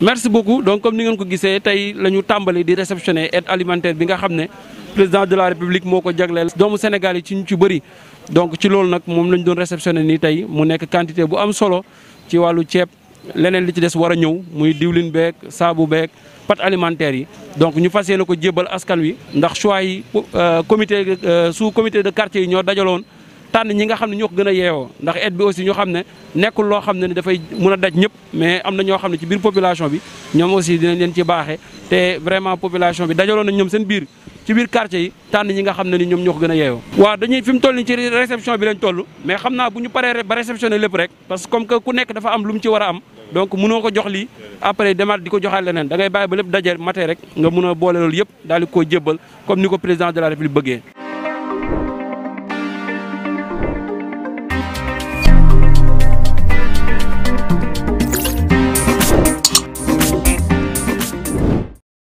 merci beaucoup donc comme ni ngeen ko gisee tey la ñu tàmbali di réceptionner aide alimentaire bi nga xam ne président de la république moo ko jagleel doomu Sénégal yi ci ñu ci bëri donc ci loolu nag moom la ñu doon réceptionner nii tey mu nekk quantité bu am solo ci wàllu ceeb leneen li ci des war a ñëw muy diwlin beeg saabu beeg pat alimentaire yi donc ñu fas yéene ko jébbal askan wi ndax choix yi euh, comité euh, sous comité de quartier yi ñoo dajaloon tànn ñi nga xam ne ñoo ko gën a yeewoo ndax aide bi aussi ñu xam ne nekkul loo xam ne ni dafay mën a daj ñëpp mais am na ñoo xam ne ci biir population bi ñoom aussi dinañ leen ci baaxee te vraiment population bi dajaloon nañ ñoom seen biir ci biir quartier yi tànn ñi nga xam ne ni ñoom ñoo ko gën a yeewoo waaw dañuy fi mu toll ni ci réception bi lañ toll mais xam naa bu ñu paree ba réceptionné lépp rek parce que comme que ku nekk dafa am lu mu ci war a am donc mënoo ko jox lii après demaat di ko joxaat leneen da ngay bàyyi ba lépp daje matee rek nga mën a boole loolu yëpp daal di koo jébbal comme ni ko président de la république bëggee